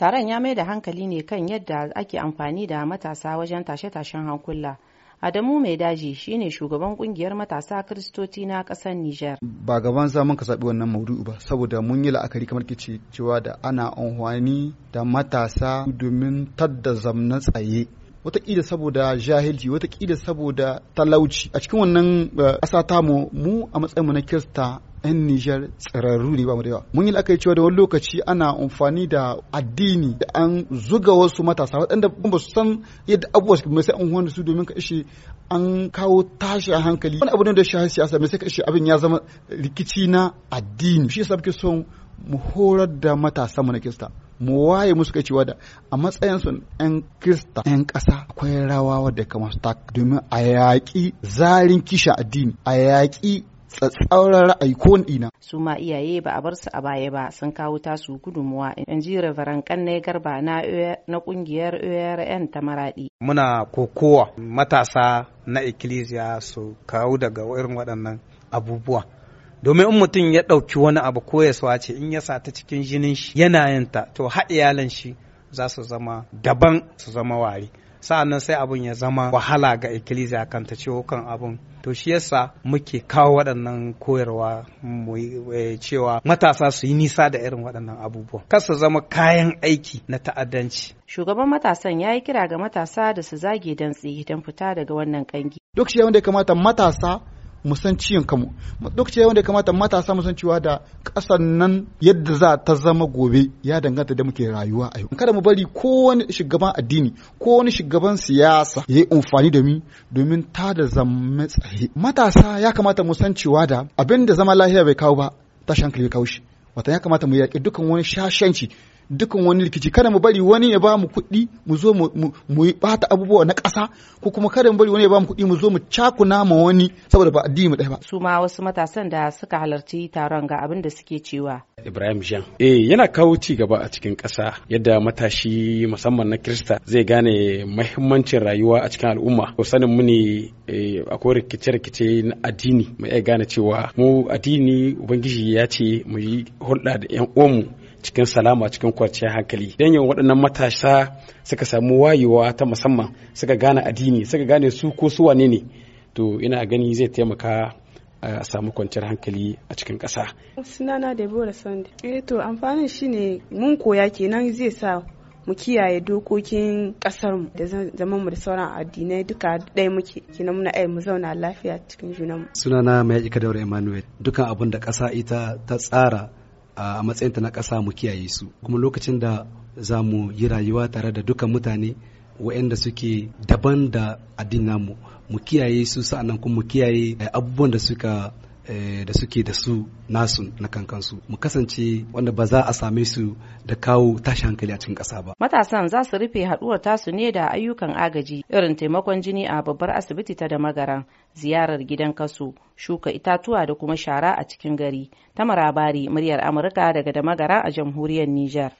taron ya mai da hankali ne kan yadda ake amfani da matasa wajen tashe-tashen hankula Adamu Mai Daji shine shugaban kungiyar matasa Kiristoci na ƙasar Nijar. Ba gaban zaman ka wannan maudu ba, saboda mun yi la'akari kamar ke cewa da ana amfani da matasa domin tadda zamna tsaye. Wataƙila saboda jahilci, wataƙila saboda talauci. A cikin wannan eh, ƙasa tamu mu a matsayin mu na Kirista 'yan Nijar tsirarru ne ba mu da yawa. Mun yi la'akari cewa da wani lokaci ana amfani da addini da an zuga wasu matasa waɗanda ba su san yadda abubuwa su kuma sai an wani su domin ka ishe an kawo tashi hankali. Wani abu ne da shahararci siyasa mai sai ka ishe abin ya zama rikici na addini. Shi yasa muke son mu horar da matasa mu na Kirista. mu waye musu kai cewa da a matsayin su yan kirista yan ƙasa akwai rawa wadda kamar su tak domin a yaƙi zarin kishin addini a yaƙi tsatsauran ra'ayi ko ina. su ma iyaye ba a bar su a baya ba sun kawo tasu gudunmuwa in ji rabaran garba na na kungiyar orn ta maradi muna kokowa matasa na ikkilisiya su kawo daga irin waɗannan abubuwa domin in mutum ya ɗauki wani abu ko ya swace in ya sa ta cikin jinin shi yana yin ta to har iyalan shi za su zama daban su zama wari sa'annan sai abun ya zama wahala ga ikkilisiya kan ta ciwo kan abun to shi yasa muke kawo waɗannan koyarwa eh, cewa matasa su yi nisa da irin waɗannan abubuwan kasa zama kayan aiki na ta'addanci shugaban matasan ya yi kira ga matasa da su zage dantse don fita daga wannan kangi duk shi wanda ya kamata matasa mu san ciyon duk ce wanda ya kamata matasa mu san cewa da ƙasar nan yadda za ta zama gobe ya danganta da muke rayuwa a yau kada mu bari ko wani shugaban addini ko wani shugaban siyasa ya yi amfani da mu domin ta da zama tsaye matasa ya kamata mu san cewa da abin da zama lafiya bai kawo ba tashin hankali bai kawo shi wata ya kamata mu yaƙi dukan wani shashanci dukan wani rikici kada mu bari wani ya ba mu kuɗi mu zo mu yi bata abubuwa na ƙasa ko kuma kada mu bari wani ya ba mu kuɗi mu zo mu cakuna ma wani saboda ba addini mu ɗaya ba su ma wasu matasan da suka halarci taron ga abin da suke cewa Ibrahim Jean eh yana kawo ci gaba a cikin ƙasa yadda matashi musamman na Kirista zai gane mahimmancin rayuwa a cikin al'umma ko sanin mu ne eh, akwai rikice-rikice na addini mu iya gane cewa mu addini ubangiji ya ce mu yi hulɗa da 'yan uwanmu cikin salama cikin kwanciyar hankali dan yawan waɗannan matasa suka samu wayewa ta musamman suka gane addini suka gane su ko su wane ne to ina gani zai taimaka a samu kwanciyar hankali a cikin ƙasa. sunana deborah sande eh to amfanin shine mun koya kenan zai sa mu kiyaye dokokin kasar mu da zaman mu da sauran addinai duka ɗaya muke kenan muna ai mu zauna lafiya cikin junanmu sunana mai ika daura emmanuel dukan abin da ƙasa ita ta tsara a ta na ƙasa mu kiyaye su kuma lokacin da za mu yi rayuwa tare da dukan mutane waɗanda suke daban da addinin mu kiyaye su sa'annan kuma mu kiyaye eh, abubuwan da suka Eh, da suke da su nasu na kankansu mu kasance wanda ba za a same su da kawo tashi hankali a cikin ƙasa ba matasan za su rufe haɗuwar tasu ne da ayyukan agaji irin taimakon jini a babbar asibiti ta da magaran ziyarar gidan kaso shuka itatuwa da kuma shara a cikin gari ta marabari muryar amurka daga da magara a jamhuriyar nijar